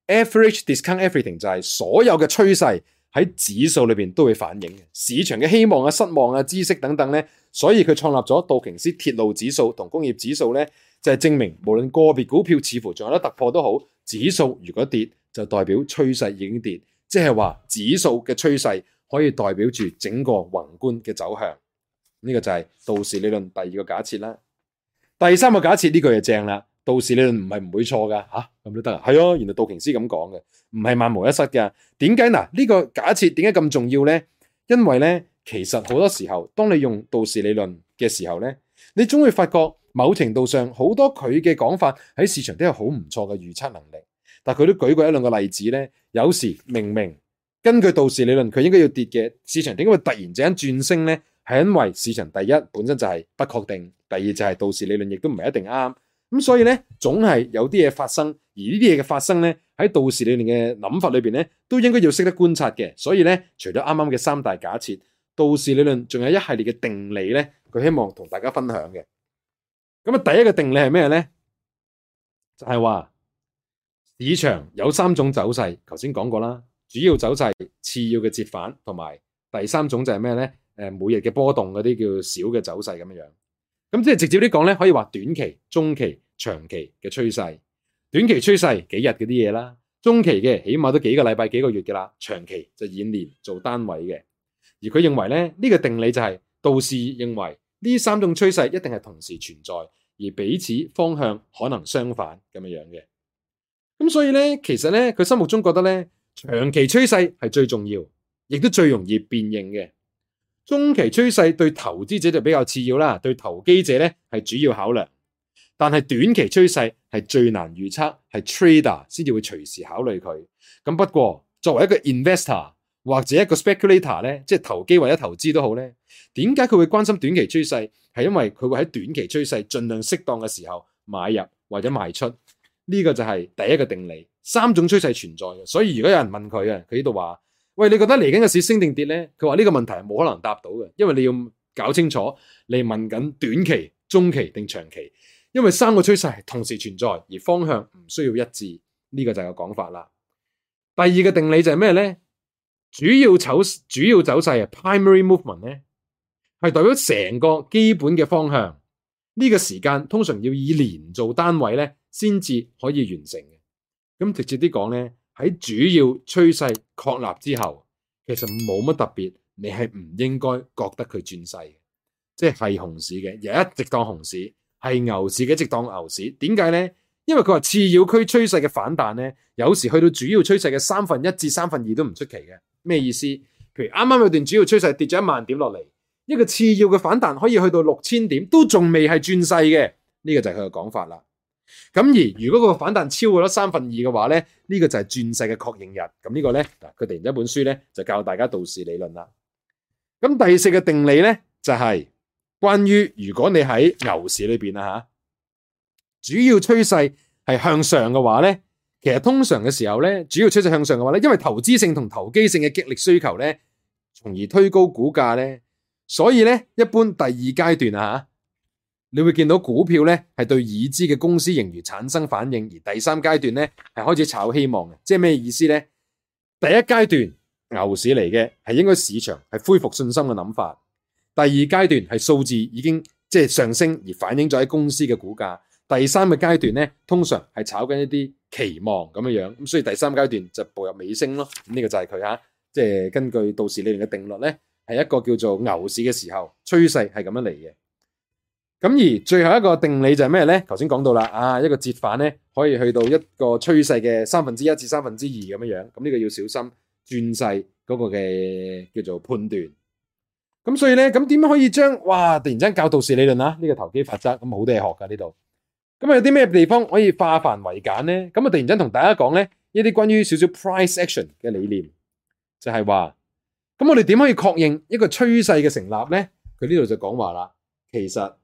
average discount everything，就係所有嘅趨勢喺指數裏面都會反映嘅市場嘅希望啊、失望啊、知識等等咧。所以佢創立咗道瓊斯鐵路指數同工業指數咧，就係、是、證明無論個別股票似乎仲有得突破都好，指數如果跌就代表趨勢已經跌，即係話指數嘅趨勢。可以代表住整個宏觀嘅走向，呢個就係道氏理論第二個假設啦。第三個假設呢句就正啦，道氏理論唔係唔會錯噶吓，咁都得啊？係哦、啊，原來道瓊斯咁講嘅，唔係萬無一失噶。點解嗱？呢個假設點解咁重要呢？因為呢，其實好多時候，當你用道氏理論嘅時候呢，你總會發覺某程度上好多佢嘅講法喺市場都有好唔錯嘅預測能力。但佢都舉過一兩個例子呢，有時明明。根據道氏理論，佢應該要跌嘅市場，點解會突然之間轉升呢？係因為市場第一本身就係不確定，第二就係道氏理論亦都唔係一定啱，咁所以呢，總係有啲嘢發生，而呢啲嘢嘅發生呢，喺道氏理論嘅諗法裏邊呢，都應該要識得觀察嘅。所以呢，除咗啱啱嘅三大假設，道氏理論仲有一系列嘅定理呢，佢希望同大家分享嘅。咁啊，第一個定理係咩呢？就係話市場有三種走勢，頭先講過啦。主要走勢、次要嘅折返，同埋第三種就係咩呢？誒，每日嘅波動嗰啲叫小嘅走勢咁樣樣。咁即係直接啲講呢，可以話短期、中期、長期嘅趨勢。短期趨勢幾日嗰啲嘢啦，中期嘅起碼都幾個禮拜、幾個月嘅啦，長期就以年做單位嘅。而佢認為呢，呢、這個定理就係、是、道士認為呢三種趨勢一定係同時存在，而彼此方向可能相反咁樣樣嘅。咁所以呢，其實呢，佢心目中覺得呢。長期趨勢係最重要，亦都最容易辨認嘅。中期趨勢對投資者就比較次要啦，對投機者咧係主要考量。但係短期趨勢係最難預測，係 trader 先至會隨時考慮佢。咁不過作為一個 investor 或者一個 speculator 咧，即係投機或者投資都好咧，點解佢會關心短期趨勢？係因為佢會喺短期趨勢盡量適當嘅時候買入或者賣出。呢個就係第一個定理。三種趨勢存在嘅，所以如果有人問佢啊，佢呢度話：，喂，你覺得嚟緊嘅市升定跌咧？佢話呢個問題係冇可能答到嘅，因為你要搞清楚你問緊短期、中期定長期，因為三個趨勢係同時存在，而方向唔需要一致，呢、這個就係個講法啦。第二個定理就係咩咧？主要走主要走勢係，primary movement 咧，係代表成個基本嘅方向。呢、這個時間通常要以年做單位咧，先至可以完成嘅。咁直接啲講呢，喺主要趨勢確立之後，其實冇乜特別，你係唔應該覺得佢轉勢嘅，即係係熊市嘅，又一直當熊市，係牛市嘅，一直當牛市。點解呢？因為佢話次要區趨勢嘅反彈呢，有時去到主要趨勢嘅三分一至三分二都唔出奇嘅。咩意思？譬如啱啱有段主要趨勢跌咗一萬點落嚟，一個次要嘅反彈可以去到六千點，都仲未係轉勢嘅。呢個就係佢嘅講法啦。咁而如果個反彈超過咗三分二嘅話咧，呢、這個就係轉勢嘅確認日。咁、這個、呢個咧，佢突然間一本書咧就教大家道氏理論啦。咁第四個定理咧就係、是、關於如果你喺牛市裏邊啦吓，主要趨勢係向上嘅話咧，其實通常嘅時候咧，主要趨勢向上嘅話咧，因為投資性同投機性嘅激勵需求咧，從而推高股價咧，所以咧一般第二階段啊吓。你會見到股票咧係對已知嘅公司盈餘產生反應，而第三階段咧係開始炒希望嘅，即係咩意思咧？第一階段牛市嚟嘅係應該市場係恢復信心嘅諗法，第二階段係數字已經即係、就是、上升而反映咗喺公司嘅股價，第三個階段咧通常係炒緊一啲期望咁樣樣，咁所以第三階段就步入尾聲咯。呢、這個就係佢啊，即係根據道氏理論嘅定律咧，係一個叫做牛市嘅時候趨勢係咁樣嚟嘅。咁而最後一個定理就係咩咧？頭先講到啦，啊一個折返咧可以去到一個趨勢嘅三分之一至三分之二咁樣樣，咁呢個要小心轉勢嗰個嘅叫做判斷。咁所以咧，咁點樣可以將哇突然間教道氏理論啊？呢、這個投機法則咁好多嘢學噶呢度。咁啊有啲咩地方可以化繁為簡咧？咁啊突然間同大家講咧，呢啲關於少少 price action 嘅理念，就係話咁我哋點可以確認一個趨勢嘅成立咧？佢呢度就講話啦，其實。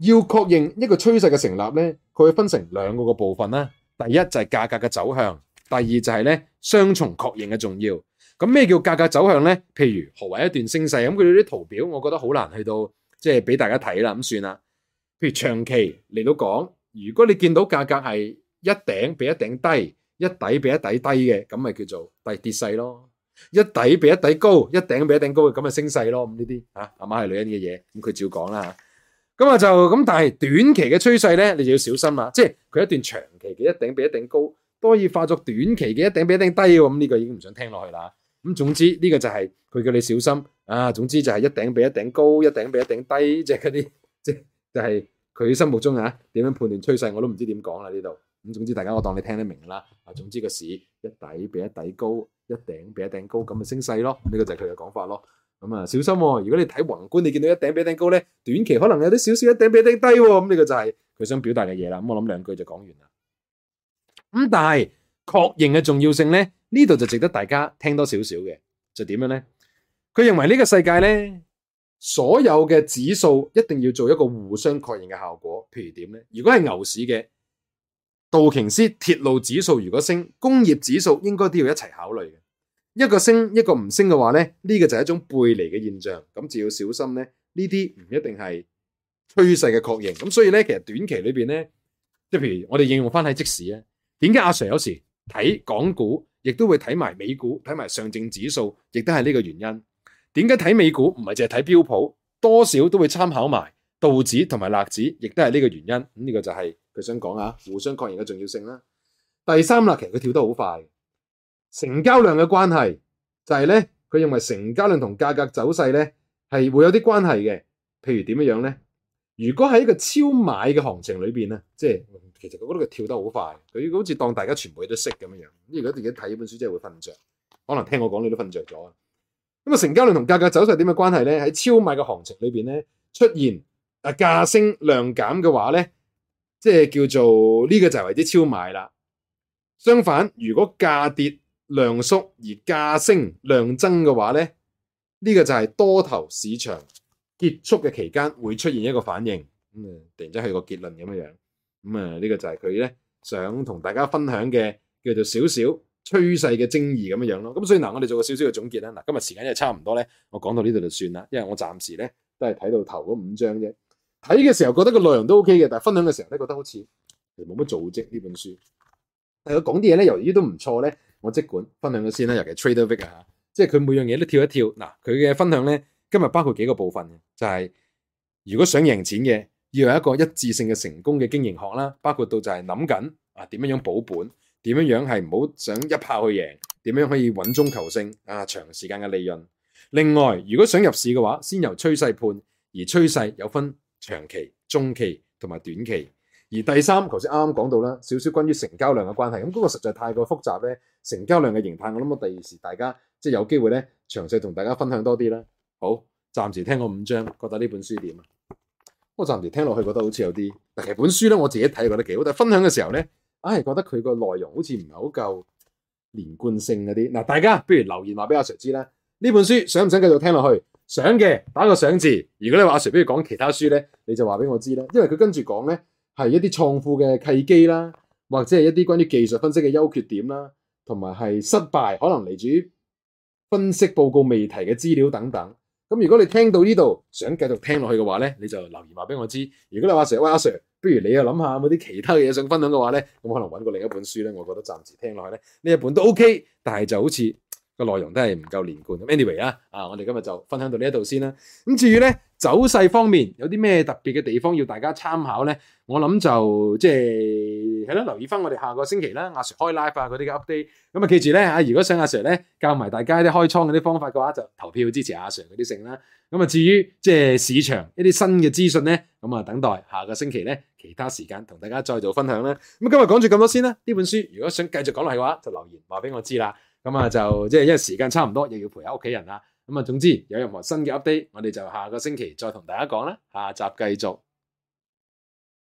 要確認一個趨勢嘅成立咧，佢會分成兩個個部分啦。第一就係價格嘅走向，第二就係咧雙重確認嘅重要。咁咩叫價格走向咧？譬如何為一段升勢咁？佢哋啲圖表我覺得好難去到，即係俾大家睇啦，咁算啦。譬如長期嚟到講，如果你見到價格係一頂比一頂低，一底比一底低嘅，咁咪叫做第跌勢咯。一底比一底高，一頂比一頂高嘅，咁咪升勢咯。咁呢啲嚇，阿媽係女人嘅嘢，咁佢照講啦。咁啊就咁，但係短期嘅趨勢咧，你就要小心啦。即係佢一段長期嘅一頂比一頂高，都可以化作短期嘅一頂比一頂低。咁呢個已經唔想聽落去啦。咁總之呢個就係佢叫你小心啊。總之就係一頂比一頂高，一頂比一頂低，即係嗰啲即就係佢心目中啊點樣判斷趨勢，我都唔知點講啦呢度。咁總之大家我當你聽得明啦。啊，總之個市一底比一底高，一頂比一頂高，咁咪升勢咯。呢個就係佢嘅講法咯。咁啊，小心哦！如果你睇宏觀，你見到一頂比一頂高咧，短期可能有啲少少一頂比一頂低哦，咁、這、呢個就係佢想表達嘅嘢啦。咁我諗兩句就講完啦。咁但係確認嘅重要性咧，呢度就值得大家聽多少少嘅。就點樣咧？佢認為呢個世界咧，所有嘅指數一定要做一個互相確認嘅效果。譬如點咧？如果係牛市嘅道瓊斯鐵路指數如果升，工業指數應該都要一齊考慮嘅。一個升一個唔升嘅話咧，呢、呢個就係一種背離嘅現象，咁就要小心咧。呢啲唔一定係趨勢嘅確認，咁所以咧，其實短期裏邊咧，即譬如我哋應用翻喺即時咧，點解阿 Sir 有時睇港股，亦都會睇埋美股，睇埋上證指數，亦都係呢個原因。點解睇美股唔係淨係睇標普，多少都會參考埋道指同埋納指，亦都係呢個原因。咁、這、呢個就係佢想講啊，互相確認嘅重要性啦。第三啦，其實佢跳得好快。成交量嘅關係就係咧，佢認為成交量同價格走勢咧係會有啲關係嘅。譬如點樣樣咧？如果喺一個超買嘅行情裏邊咧，即係其實佢覺得佢跳得好快，佢好似當大家全部都識咁樣樣。如果自己睇本書真係會瞓着，可能聽我講你都瞓着咗啊。咁啊，成交量同價格走勢點嘅關係咧？喺超買嘅行情裏邊咧，出現啊價升量減嘅話咧，即係叫做呢個就係為之超買啦。相反，如果價跌。量縮而價升、量增嘅話咧，呢個就係多頭市場結束嘅期間會出現一個反應。咁、嗯、啊，突然之間係個結論咁樣樣。咁、嗯、啊，呢、這個就係佢咧想同大家分享嘅叫做少少趨勢嘅爭議咁樣樣咯。咁所以嗱，我哋做個少少嘅總結啦。嗱，今日時間又差唔多咧，我講到呢度就算啦。因為我暫時咧都係睇到頭嗰五章啫。睇嘅時候覺得個內容都 OK 嘅，但係分享嘅時候咧覺得好似冇乜組織呢本書。但係佢講啲嘢咧，由於都唔錯咧。我即管分享咗先啦，尤其係 Trader Vic 啊，即係佢每樣嘢都跳一跳。嗱、啊，佢嘅分享咧，今日包括幾個部分嘅，就係、是、如果想贏錢嘅，要有一個一致性嘅成功嘅經營學啦，包括到就係諗緊啊，點樣樣保本，點樣樣係唔好想一炮去贏，點樣可以穩中求勝啊，長時間嘅利潤。另外，如果想入市嘅話，先由趨勢判，而趨勢有分長期、中期同埋短期。而第三，頭先啱啱講到啦，少少關於成交量嘅關係，咁嗰個實在太過複雜咧。成交量嘅形態，我諗到第二時，大家即係有機會咧，詳細同大家分享多啲啦。好，暫時聽過五章，覺得呢本書點啊？我暫時聽落去覺得好似有啲，其實本書咧，我自己睇覺得幾好的。但係分享嘅時候咧，唉、哎，覺得佢個內容好似唔係好夠連貫性嗰啲。嗱，大家不如留言話俾阿 Sir 知啦。呢本書想唔想繼續聽落去？想嘅打個想字。如果你話阿 Sir 不如講其他書咧，你就話俾我知啦，因為佢跟住講咧。係一啲創富嘅契機啦，或者係一啲關於技術分析嘅優缺點啦，同埋係失敗可能嚟自分析報告未提嘅資料等等。咁如果你聽到呢度想繼續聽落去嘅話咧，你就留言話俾我知。如果你話阿 Sir，喂阿 Sir，不如你又諗下有冇啲其他嘅嘢想分享嘅話咧，咁可能揾過另一本書咧。我覺得暫時聽落去咧，呢一本都 OK，但係就好似，個內容都係唔夠連貫。Anyway 啊，啊，我哋今日就分享到呢一度先啦。咁至於咧，走勢方面有啲咩特別嘅地方要大家參考咧？我諗就即係係啦，留意翻我哋下個星期啦，阿 Sir 開 live 啊，嗰啲嘅 update。咁啊，記住咧，啊，如果想阿 Sir 咧教埋大家啲開倉嗰啲方法嘅話，就投票支持阿 Sir 嗰啲勝啦。咁啊，至於即係市場一啲新嘅資訊咧，咁啊，等待下個星期咧其他時間同大家再做分享啦。咁今日講住咁多先啦。呢本書如果想繼續講落去嘅話，就留言話俾我知啦。咁啊，那就即係因為時間差唔多，又要陪下屋企人啦。咁啊，總之有任何新嘅 update，我哋就下個星期再同大家講啦。下集繼續。